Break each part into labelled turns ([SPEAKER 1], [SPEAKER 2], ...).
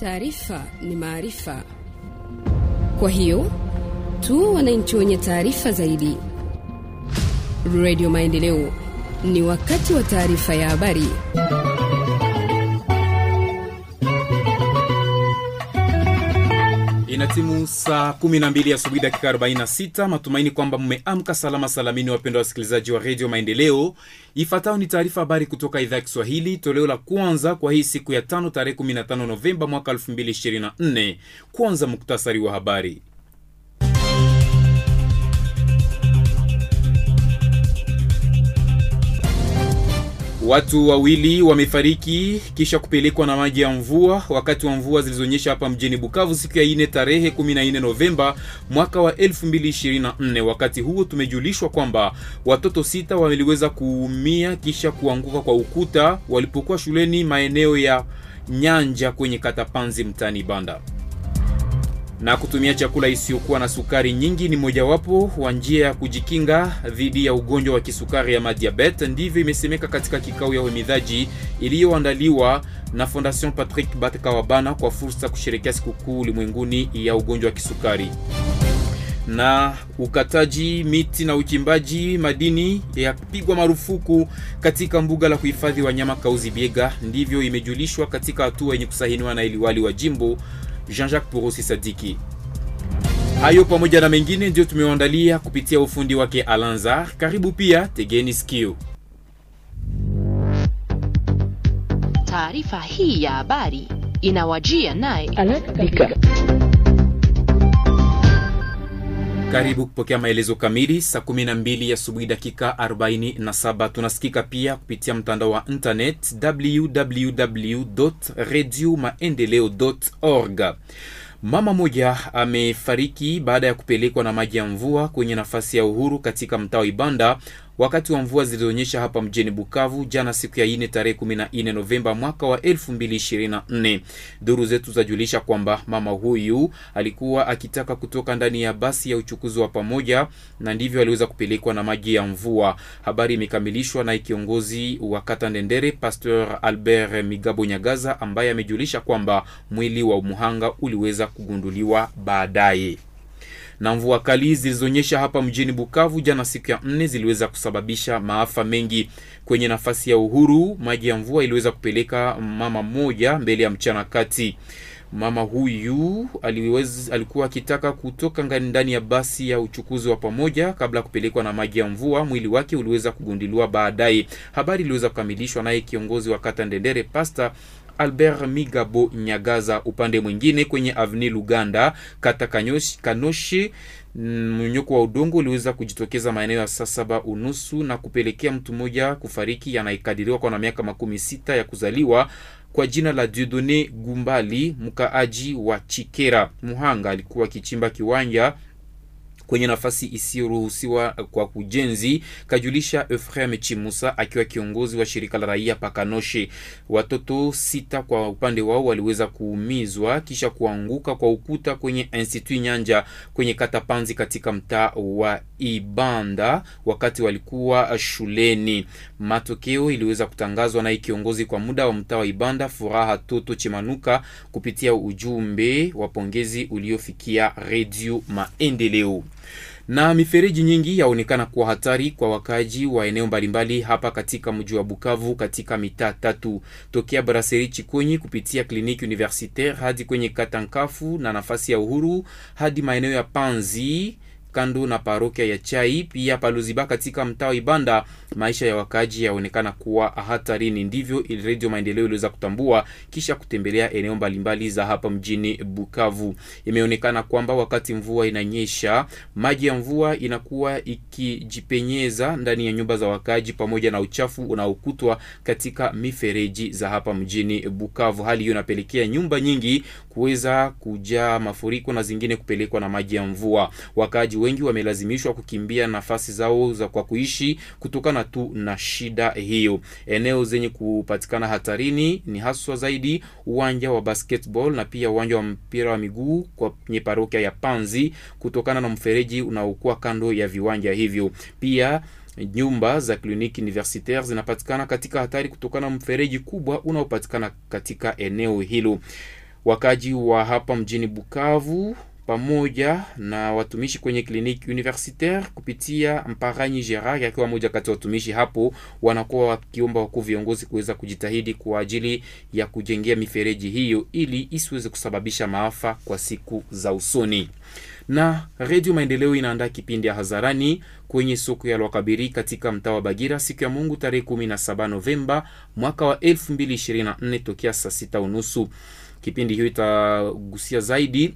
[SPEAKER 1] Taarifa ni maarifa, kwa hiyo tu wananchi wenye taarifa zaidi. Redio Maendeleo, ni wakati wa taarifa ya habari.
[SPEAKER 2] Inatimu saa 12 asubuhi dakika 46. Matumaini kwamba mmeamka salama salamini, wapendwa wasikilizaji wa redio Maendeleo. Ifuatayo ni taarifa habari kutoka idhaa ya Kiswahili, toleo la kwanza kwa hii siku ya tano, tarehe 15 Novemba mwaka 224 Kwanza muktasari wa habari. Watu wawili wamefariki kisha kupelekwa na maji ya mvua wakati wa mvua zilizonyesha hapa mjini Bukavu siku ya ine tarehe 14 Novemba mwaka wa 2024. Wakati huo tumejulishwa kwamba watoto sita waliweza kuumia kisha kuanguka kwa ukuta walipokuwa shuleni maeneo ya Nyanja kwenye Katapanzi mtani Banda na kutumia chakula isiyokuwa na sukari nyingi ni mojawapo wa njia ya kujikinga dhidi ya ugonjwa wa kisukari ya madiabet. Ndivyo imesemeka katika kikao ya uhimidhaji iliyoandaliwa na Fondation Patrick Batkawabana kwa fursa kusherekea sikukuu ulimwenguni ya ugonjwa wa kisukari. Na ukataji miti na uchimbaji madini yapigwa marufuku katika mbuga la kuhifadhi wanyama Kauzi Biega, ndivyo imejulishwa katika hatua yenye kusahiniwa na iliwali wa jimbo Jean-Jacques Porosi Sadiki. Hayo pamoja na mengine ndiyo tumewaandalia kupitia ufundi wake Alanzar. Karibu pia, tegeni sikio.
[SPEAKER 1] Taarifa hii ya habari
[SPEAKER 3] inawajia naye
[SPEAKER 2] Karibu kupokea maelezo kamili saa 12 asubuhi dakika 47. Tunasikika pia kupitia mtandao wa internet www redio maendeleo org. Mama moja amefariki baada ya kupelekwa na maji ya mvua kwenye nafasi ya Uhuru katika mtaa wa Ibanda wakati wa mvua zilizoonyesha hapa mjini Bukavu jana siku ya ine tarehe 14 Novemba mwaka wa 2024. Duru zetu zajulisha kwamba mama huyu alikuwa akitaka kutoka ndani ya basi ya uchukuzi wa pamoja na ndivyo aliweza kupelekwa na maji ya mvua. Habari imekamilishwa na kiongozi wa kata Ndendere Pasteur Albert Migabo Nyagaza ambaye amejulisha kwamba mwili wa muhanga uliweza kugunduliwa baadaye na mvua kali zilizonyesha hapa mjini Bukavu jana siku ya nne ziliweza kusababisha maafa mengi. Kwenye nafasi ya Uhuru, maji ya mvua iliweza kupeleka mama mmoja mbele ya mchana kati. Mama huyu aliwezi, alikuwa akitaka kutoka ndani ya basi ya uchukuzi wa pamoja kabla ya kupelekwa na maji ya mvua. Mwili wake uliweza kugunduliwa baadaye. Habari iliweza kukamilishwa naye kiongozi wa kata Ndendere, Pasta Albert Migabo Nyagaza. Upande mwingine kwenye Avenue Luganda, kata Kanyoshi, Kanoshi, mm, mnyoko wa udongo uliweza kujitokeza maeneo ya saa saba unusu na kupelekea mtu mmoja kufariki anayekadiriwa kwa na miaka makumi sita ya kuzaliwa kwa jina la Dieudonne Gumbali, mkaaji wa Chikera. Muhanga alikuwa akichimba kiwanja kwenye nafasi isiyoruhusiwa kwa ujenzi, kajulisha Euphrem Chimusa akiwa kiongozi wa shirika la raia pakanoshe Watoto sita kwa upande wao waliweza kuumizwa kisha kuanguka kwa ukuta kwenye Institut Nyanja kwenye kata Panzi katika mtaa wa Ibanda wakati walikuwa shuleni. Matokeo iliweza kutangazwa naye kiongozi kwa muda wa mtaa wa Ibanda Furaha Toto Chimanuka kupitia ujumbe wa pongezi uliofikia Redio Maendeleo na mifereji nyingi yaonekana kuwa hatari kwa wakaaji wa eneo mbalimbali hapa katika mji wa Bukavu katika mitaa tatu tokea Brasserie Chikonyi kupitia kliniki universitaire hadi kwenye kata Nkafu na nafasi ya Uhuru hadi maeneo ya Panzi Kandu na parokia ya Chai pia Paluziba katika mtaa Ibanda, maisha ya wakaji yaonekana kuwa hatarini. Ndivyo Radio Maendeleo iliweza kutambua kisha kutembelea eneo mbalimbali za hapa mjini Bukavu. Imeonekana kwamba wakati mvua inanyesha, maji ya mvua inakuwa ikijipenyeza ndani ya nyumba za wakaaji pamoja na uchafu unaokutwa katika mifereji za hapa mjini Bukavu. Hali hiyo inapelekea nyumba nyingi kuweza kujaa mafuriko na zingine kupelekwa na maji ya mvua. wakaji wengi wamelazimishwa kukimbia nafasi zao za kwa kuishi kutokana tu na shida hiyo. Eneo zenye kupatikana hatarini ni haswa zaidi uwanja wa basketball na pia uwanja wa mpira wa miguu kwenye parokia ya Panzi kutokana na mfereji unaokuwa kando ya viwanja hivyo. Pia nyumba za kliniki universitaire zinapatikana katika hatari kutokana na mfereji kubwa unaopatikana katika eneo hilo. Wakaji wa hapa mjini Bukavu pamoja na watumishi kwenye kliniki universitaire kupitia Mparanyi Gerard akiwa moja kati ya watumishi hapo, wanakuwa wakiomba wakuu viongozi kuweza kujitahidi kwa ajili ya kujengea mifereji hiyo ili isiweze kusababisha maafa kwa siku za usoni. Na Redio Maendeleo inaandaa kipindi ya hadharani kwenye soko ya Lwakabiri katika mtaa wa Bagira siku ya Mungu tarehe 17 Novemba mwaka wa 2024 tokea saa sita unusu. Kipindi hiyo itagusia zaidi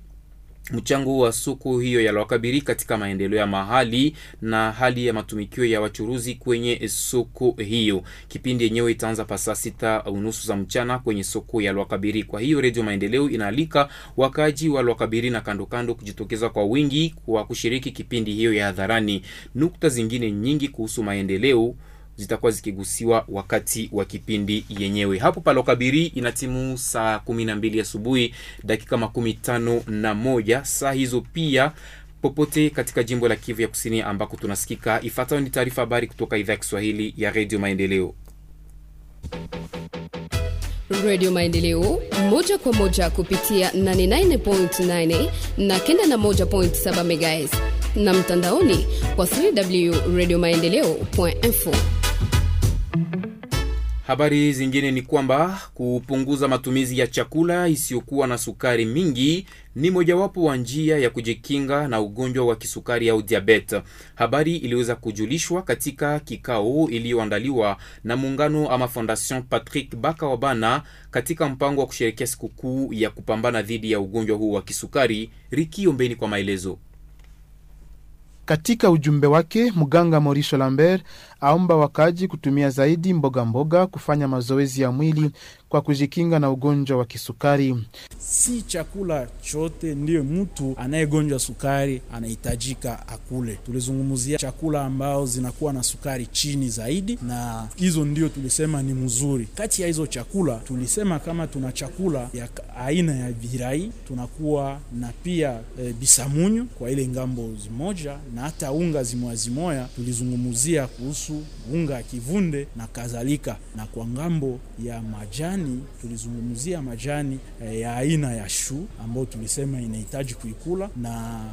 [SPEAKER 2] mchango wa soko hiyo ya Lwakabiri katika maendeleo ya mahali na hali ya matumikio ya wachuruzi kwenye soko hiyo. Kipindi yenyewe itaanza pasaa sita unusu za mchana kwenye soko ya Lwakabiri. Kwa hiyo Redio Maendeleo inaalika wakaji wa Lwakabiri na kandokando kando kujitokeza kwa wingi kwa kushiriki kipindi hiyo ya hadharani. Nukta zingine nyingi kuhusu maendeleo zitakuwa zikigusiwa wakati wa kipindi yenyewe. Hapo Palokabiri ina timu saa 12 asubuhi dakika makumi tano na moja saa hizo pia popote katika jimbo la Kivu ya Kusini ambako tunasikika. Ifuatayo ni taarifa habari kutoka idhaa ya Kiswahili ya Redio Maendeleo.
[SPEAKER 1] Redio Maendeleo moja kwa moja kupitia 89.9 na 1.7 MHz na mtandaoni kwa www.radiomaendeleo.info.
[SPEAKER 2] Habari zingine ni kwamba kupunguza matumizi ya chakula isiyokuwa na sukari mingi ni mojawapo wa njia ya kujikinga na ugonjwa wa kisukari au diabete. Habari iliweza kujulishwa katika kikao iliyoandaliwa na muungano ama Fondation Patrick Wabana katika mpango wa kusherekea sikukuu ya kupambana dhidi ya ugonjwa huu wa kisukari. Rikiombeni kwa maelezo.
[SPEAKER 4] Katika ujumbe wake, mganga Mauricio Lambert aomba wakaji kutumia zaidi mboga mboga, kufanya mazoezi ya mwili kwa kujikinga na ugonjwa wa kisukari. Si chakula chote ndiyo mtu anayegonjwa sukari anahitajika akule. Tulizungumzia chakula ambao zinakuwa na sukari chini zaidi, na hizo ndio tulisema ni mzuri. Kati ya hizo chakula tulisema kama tuna chakula ya aina ya virai, tunakuwa na pia e, bisamunyu kwa ile ngambo zimoja na hata unga zimoya zimoya. Tulizungumzia kuhusu unga ya kivunde na kadhalika, na kwa ngambo ya majani Majani tulizungumzia majani eh, ya aina ya shu ambayo tulisema inahitaji kuikula na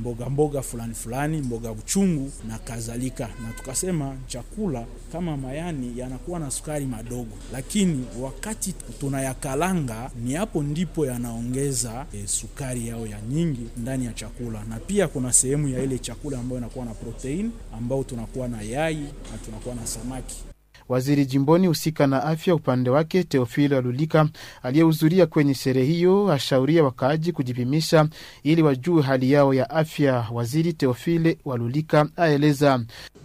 [SPEAKER 4] mboga mboga fulani fulani, mboga uchungu na kadhalika, na tukasema chakula kama mayani yanakuwa na sukari madogo, lakini wakati tunayakalanga ni hapo ndipo yanaongeza e, sukari yao ya nyingi ndani ya chakula, na pia kuna sehemu ya ile chakula ambayo inakuwa na proteini ambayo tunakuwa na yai na tunakuwa na samaki. Waziri jimboni husika na afya upande wake Teofilo Alulika aliyehudhuria kwenye sherehe hiyo ashauria wakaaji kujipimisha ili wajue hali yao ya afya. Waziri Teofile Walulika
[SPEAKER 5] aeleza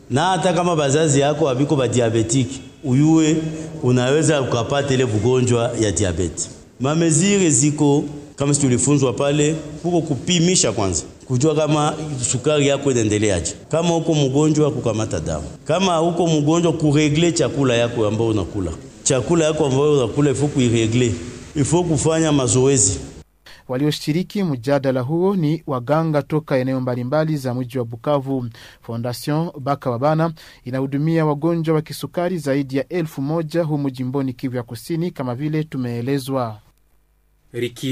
[SPEAKER 5] na hata kama bazazi yako haviko badiabetiki uyue unaweza ukapata ile vugonjwa ya diabeti. Mamezire ziko kama situlifunzwa pale huko kupimisha kwanza kujua kama sukari yako inaendeleaje, kama uko mgonjwa kukamata damu, kama uko mgonjwa kuregle chakula yako ambayo unakula, chakula yako ambayo unakula ifo kuiregle, ifo kufanya mazoezi.
[SPEAKER 4] Walioshiriki mjadala huo ni waganga toka eneo mbalimbali za mji wa Bukavu. Fondation Baka Wabana inahudumia wagonjwa wa kisukari zaidi ya elfu moja humu jimboni Kivu ya Kusini, kama vile tumeelezwa.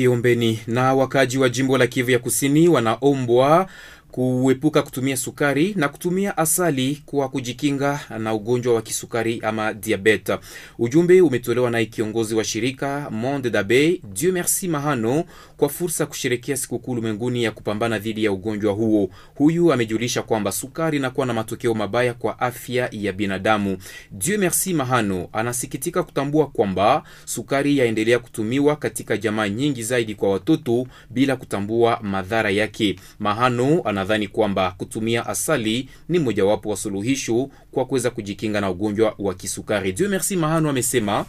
[SPEAKER 2] Ombeni. na wakaji wa jimbo la Kivu ya Kusini wanaombwa kuepuka kutumia sukari na kutumia asali kwa kujikinga na ugonjwa wa kisukari ama diabet Ujumbe umetolewa naye kiongozi wa shirika Monde Dabe Dieu Merci Mahano kwa fursa ya kusherekea sikukuu ulimwenguni ya kupambana dhidi ya ugonjwa huo. Huyu amejulisha kwamba sukari inakuwa na matokeo mabaya kwa afya ya binadamu. Dieu Merci Mahano anasikitika kutambua kwamba sukari yaendelea kutumiwa katika jamaa nyingi zaidi kwa watoto bila kutambua madhara yake. Mahano ana wanadhani kwamba kutumia asali ni mojawapo wa suluhisho kwa kuweza kujikinga na ugonjwa wa kisukari. Dieu merci Mahano amesema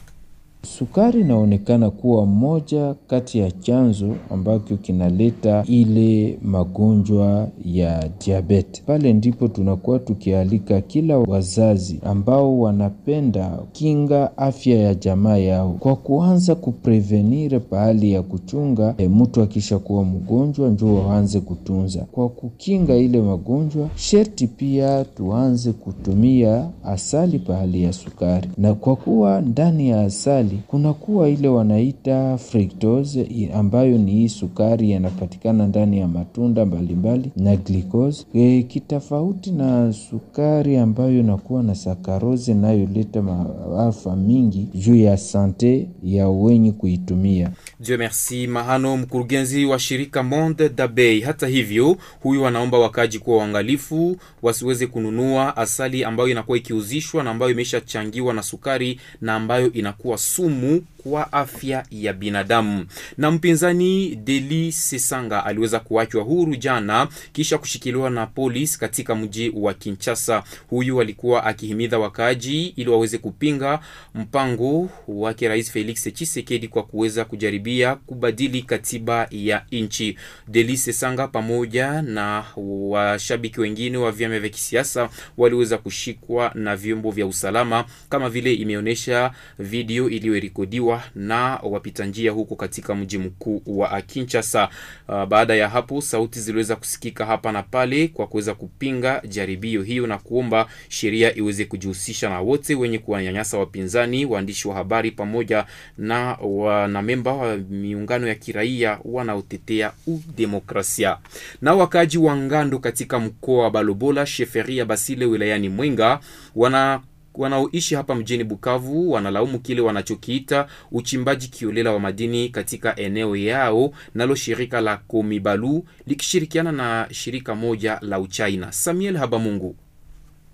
[SPEAKER 2] Sukari inaonekana kuwa moja kati ya chanzo ambacho kinaleta ile magonjwa ya diabeti. Pale ndipo tunakuwa tukialika kila wazazi ambao wanapenda kinga afya ya jamaa yao kwa kuanza kuprevenire pahali ya kuchunga. E, mtu akisha kuwa mgonjwa njoo waanze kutunza kwa kukinga ile magonjwa. Sherti pia tuanze kutumia asali pahali ya sukari, na kwa kuwa ndani ya asali mbalimbali. Kuna kuwa ile wanaita fructose ambayo ni hii sukari yanapatikana ndani ya matunda mbalimbali na glucose. E, kitofauti na sukari ambayo inakuwa na sakarozi inayoleta maafa mingi juu ya sante ya wenye kuitumia. Dieu merci Mahano, mkurugenzi wa shirika Monde Dabei. Hata hivyo, huyu anaomba wakaji kuwa waangalifu wasiweze kununua asali ambayo inakuwa ikiuzishwa na ambayo imeshachangiwa na sukari na ambayo inakuwa su Sumu kwa afya ya binadamu. Na mpinzani Deli Sesanga aliweza kuachwa huru jana kisha kushikiliwa na polisi katika mji wa Kinshasa. Huyu alikuwa akihimiza wakaaji ili waweze kupinga mpango wake Rais Felix Tshisekedi kwa kuweza kujaribia kubadili katiba ya nchi. Deli Sesanga pamoja na washabiki wengine wa vyama vya kisiasa waliweza kushikwa na vyombo vya usalama kama vile imeonyesha video iliyorekodiwa kuuawa na wapita njia huko katika mji mkuu wa Kinshasa. Uh, baada ya hapo sauti ziliweza kusikika hapa na pale kwa kuweza kupinga jaribio hiyo na kuomba sheria iweze kujihusisha na wote wenye kuwanyanyasa wapinzani, waandishi wa habari, pamoja na wanamemba wa miungano ya kiraia wanaotetea udemokrasia. Na wakaaji wa Ngando katika mkoa wa Balobola, sheferia Basile, wilayani Mwenga wana wanaoishi hapa mjini Bukavu wanalaumu kile wanachokiita uchimbaji kiolela wa madini katika eneo yao, nalo shirika la Komibalu likishirikiana na shirika moja la Uchina. Samuel Habamungu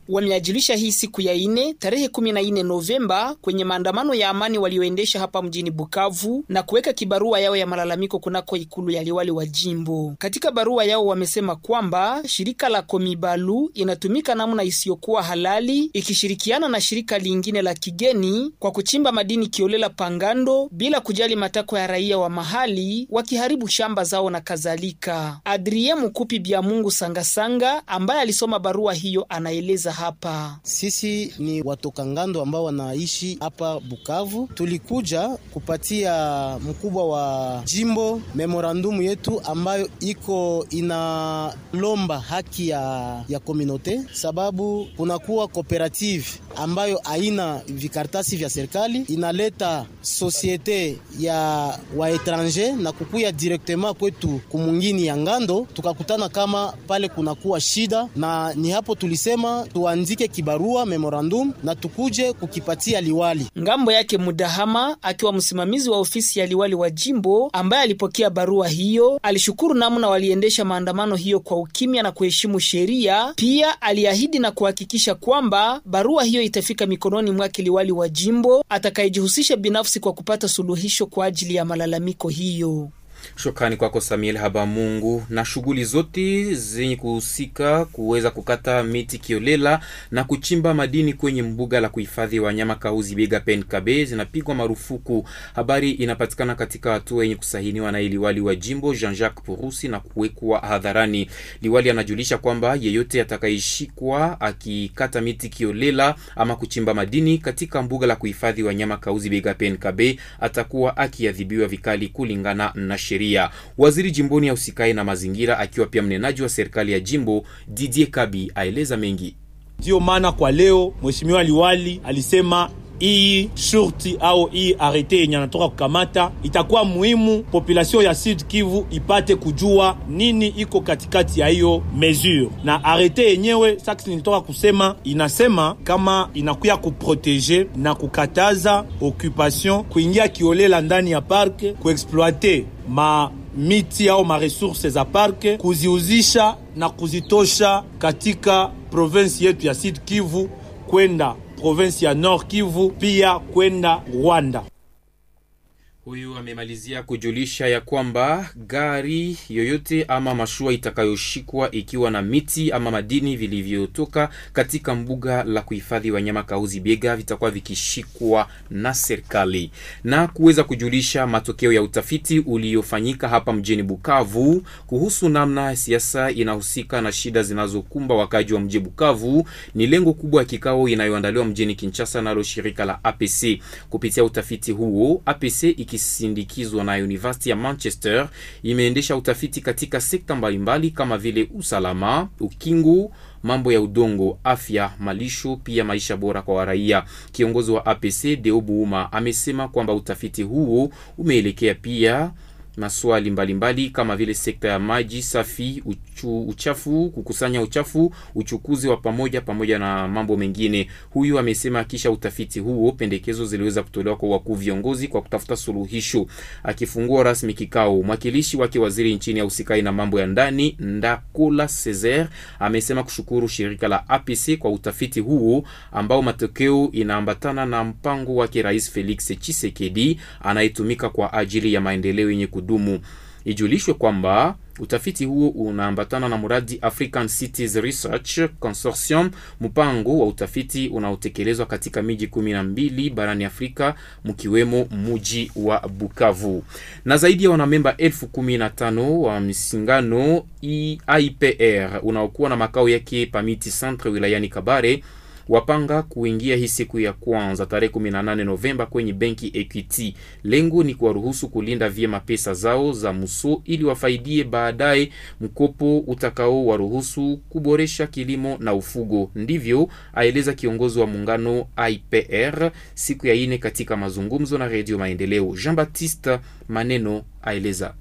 [SPEAKER 3] wameajilisha hii siku ya ine tarehe kumi na ine Novemba kwenye maandamano ya amani walioendesha hapa mjini Bukavu na kuweka kibarua yao ya malalamiko kunako ikulu ya liwali wa jimbo. Katika barua yao wamesema kwamba shirika la Komibalu inatumika namna isiyokuwa halali ikishirikiana na shirika lingine la kigeni kwa kuchimba madini kiolela pangando bila kujali matakwa ya raia wa mahali, wakiharibu shamba zao na kadhalika. Adrie Mukupi Bya Mungu Sangasanga ambaye alisoma barua hiyo anaeleza hapa. Sisi ni watoka ngando
[SPEAKER 5] ambao wanaishi hapa Bukavu, tulikuja kupatia mkubwa wa jimbo memorandumu yetu ambayo iko inalomba haki ya, ya kominote, sababu kunakuwa kooperative ambayo haina vikartasi vya serikali inaleta sosiete ya waetranger na kukuya direktema kwetu kumungini ya ngando, tukakutana kama pale kunakuwa shida, na ni hapo tulisema tu tuandike kibarua memorandum na tukuje
[SPEAKER 3] kukipatia liwali. Ngambo yake Mudahama akiwa msimamizi wa ofisi ya liwali wa jimbo ambaye alipokea barua hiyo alishukuru namna waliendesha maandamano hiyo kwa ukimya na kuheshimu sheria. Pia aliahidi na kuhakikisha kwamba barua hiyo itafika mikononi mwake liwali wa jimbo atakayejihusisha binafsi kwa kupata suluhisho kwa ajili ya malalamiko hiyo.
[SPEAKER 2] Shukrani kwako Samuel Habamungu. Na shughuli zote zenye kuhusika kuweza kukata miti kiolela na kuchimba madini kwenye mbuga la kuhifadhi wanyama Kahuzi Biega PNKB zinapigwa marufuku. Habari inapatikana katika hatua yenye kusahiniwa na liwali wa jimbo Jean-Jacques Purusi na kuwekwa hadharani. Liwali anajulisha kwamba yeyote atakayeshikwa akikata miti kiolela ama kuchimba madini katika mbuga la kuhifadhi wanyama Kahuzi Biega PNKB atakuwa akiadhibiwa vikali kulingana na sheria sheria. Waziri jimboni ya usikae na mazingira akiwa pia mnenaji wa serikali ya jimbo Didier Kabi aeleza mengi. Ndiyo maana kwa leo mheshimiwa liwali alisema
[SPEAKER 4] iyi shurti au hii arete yenye anatoka kukamata itakuwa muhimu population ya Sud Kivu ipate kujua nini iko katikati ya hiyo mesure, na arete yenyewe saksi nilitoka kusema inasema kama inakuya kuproteje na kukataza occupation kuingia kiolela ndani ya parke, kuexploite ma miti au maresurse za parke, kuziuzisha na kuzitosha katika provinsi yetu ya Sud Kivu kwenda provinsi ya Nord Kivu, pia kwenda Rwanda.
[SPEAKER 2] Huyu amemalizia kujulisha ya kwamba gari yoyote ama mashua itakayoshikwa ikiwa na miti ama madini vilivyotoka katika mbuga la kuhifadhi wanyama Kahuzi Biega vitakuwa vikishikwa na serikali na kuweza kujulisha matokeo ya utafiti uliofanyika hapa mjini Bukavu kuhusu namna siasa inahusika na shida zinazokumba wakaji wa mji Bukavu. Ni lengo kubwa ya kikao inayoandaliwa mjini Kinshasa nalo shirika la APC. Kupitia utafiti huo APC iki ikisindikizwa na University ya Manchester imeendesha utafiti katika sekta mbalimbali kama vile usalama, ukingu mambo ya udongo, afya, malisho, pia maisha bora kwa waraia. Kiongozi wa APC Deo Buuma amesema kwamba utafiti huo umeelekea pia maswali mbalimbali mbali, kama vile sekta ya maji safi, uchu, uchafu, kukusanya uchafu, uchukuzi wa pamoja pamoja na mambo mengine. Huyu amesema kisha utafiti huo pendekezo ziliweza kutolewa kwa wakuu viongozi kwa kutafuta suluhisho. Akifungua rasmi kikao, mwakilishi wake waziri nchini ausikai na mambo ya ndani Ndakula Cesar amesema kushukuru shirika la APC kwa utafiti huo ambao matokeo inaambatana na mpango wake Rais Felix chisekedi anayetumika kwa ajili ya maendeleo yenye kudumu. Ijulishwe kwamba utafiti huo unaambatana na mradi African Cities Research Consortium, mpango wa utafiti unaotekelezwa katika miji kumi na mbili barani Afrika, mkiwemo muji wa Bukavu. Na zaidi ya wanamemba elfu kumi na tano wa msingano e IPR unaokuwa na makao yake Pamiti Centre wilayani Kabare wapanga kuingia hii siku ya kwanza tarehe 18 Novemba kwenye benki Equity. Lengo ni kuwaruhusu kulinda vyema pesa zao za muso ili wafaidie baadaye mkopo utakao waruhusu kuboresha kilimo na ufugo. Ndivyo aeleza kiongozi wa muungano IPR siku ya ine katika mazungumzo na Radio Maendeleo. Jean Baptiste Maneno aeleza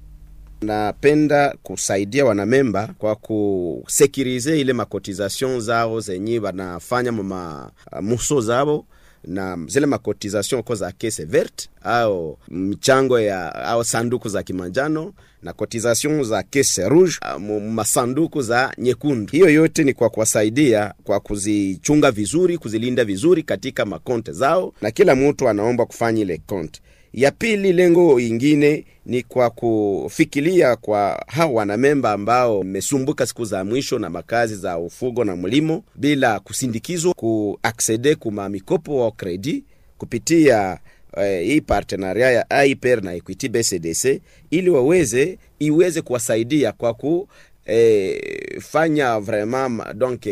[SPEAKER 2] napenda
[SPEAKER 5] kusaidia wanamemba kwa kusekirize ile makotizasion zao zenye wanafanya mamuso zao na zile makotizasion ko za kese verte au mchango ya au sanduku za kimanjano na kotizasion za kese rouge ah, masanduku za nyekundu. Hiyo yote ni kwa kuwasaidia kwa kuzichunga vizuri, kuzilinda vizuri katika makonte zao, na kila mtu anaomba kufanya ile konte ya pili, lengo ingine ni kwa kufikilia kwa hawa wanamemba ambao mmesumbuka siku za mwisho na makazi za ufugo na mlimo bila kusindikizwa kuaksede kuma mikopo wa kredi kupitia eh, hii partenaria ya AIPR na Equity BCDC ili waweze iweze kuwasaidia kwa ku eh, fanya vrema donc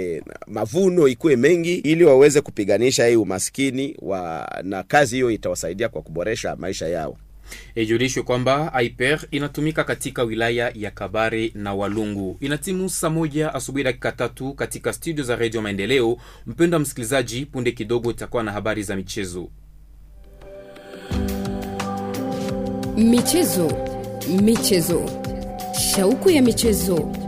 [SPEAKER 5] mavuno ikuwe mengi, ili waweze kupiganisha hii umaskini
[SPEAKER 2] wa, na kazi hiyo itawasaidia kwa kuboresha maisha yao. Ijulishwe kwamba iper inatumika katika wilaya ya Kabare na Walungu. Inatimu saa moja asubuhi dakika tatu katika studio za redio Maendeleo. wa msikilizaji, punde kidogo itakuwa na habari za michezo.
[SPEAKER 1] Michezo, michezo, shauku ya michezo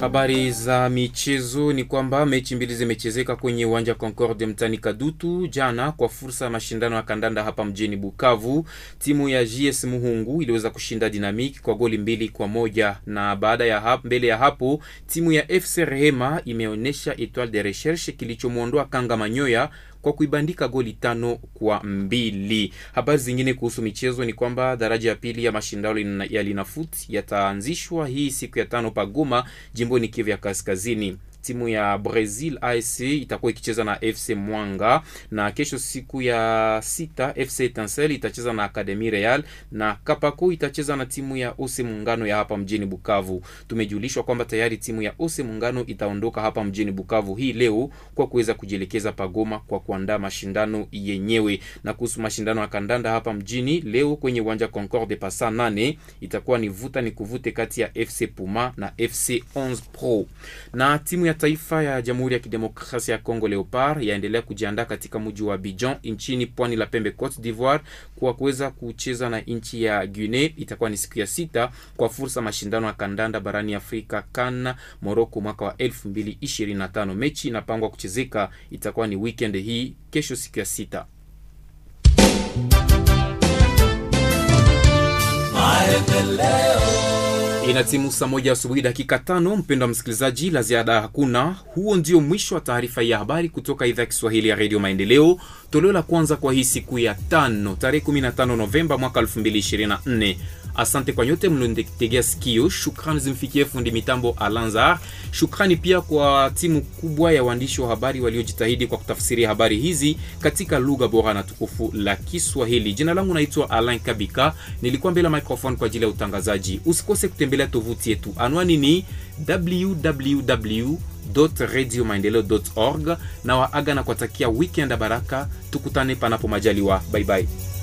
[SPEAKER 2] Habari za michezo ni kwamba mechi mbili zimechezeka kwenye uwanja Concorde mtani Kadutu jana kwa fursa ya mashindano ya kandanda hapa mjini Bukavu. Timu ya JS Muhungu iliweza kushinda Dynamic kwa goli mbili kwa moja na baada ya hap, mbele ya hapo timu ya FC Rehema imeonyesha Etoile de Recherche kilichomwondoa Kanga Manyoya kwa kuibandika goli tano kwa mbili. Habari zingine kuhusu michezo ni kwamba daraja ya pili ya mashindano ya linafut yataanzishwa hii siku ya tano Pagoma, jimboni kivya Kaskazini timu ya Brazil ASC itakuwa ikicheza na FC Mwanga, na kesho siku ya sita FC Etancelle itacheza na Academy Real na kapaku itacheza na timu ya Ose Muungano ya hapa mjini Bukavu. Tumejulishwa kwamba tayari timu ya Ose Muungano itaondoka hapa mjini Bukavu hii leo kwa kuweza kujielekeza Pagoma kwa kuandaa mashindano yenyewe. Na kuhusu mashindano ya kandanda hapa mjini leo kwenye uwanja Concorde pasa nane itakuwa ni vuta ni kuvute kati ya FC Puma na FC 11 Pro na timu ya taifa ya Jamhuri ya Kidemokrasia ya Kongo Leopard yaendelea kujiandaa katika mji wa bijon nchini pwani la pembe Cote d'Ivoire kwa kuweza kucheza na nchi ya guine Itakuwa ni siku ya sita kwa fursa mashindano ya kandanda barani Afrika kana moroko mwaka wa 2025. Mechi inapangwa kuchezeka, itakuwa ni weekend hii kesho, siku ya sita timu saa moja asubuhi dakika tano. mpendo wa msikilizaji, la ziada hakuna. Huo ndio mwisho wa taarifa ya habari kutoka idhaa ya Kiswahili ya redio Maendeleo, toleo la kwanza kwa hii siku ya tano tarehe 15 Novemba mwaka 224 Asante kwa nyote mlonitegea sikio. Shukrani zimfikie fundi mitambo Alanzar. Shukrani pia kwa timu kubwa ya waandishi wa habari waliojitahidi kwa kutafsiria habari hizi katika lugha bora na tukufu la Kiswahili. Jina langu naitwa Alain Kabika, nilikuwa mbele ya microphone kwa ajili ya utangazaji. Usikose kutembelea tovuti yetu, anwani ni www radio maendeleo org, na waaga na kuwatakia weekend ya baraka. Tukutane panapo majaliwa, baibai.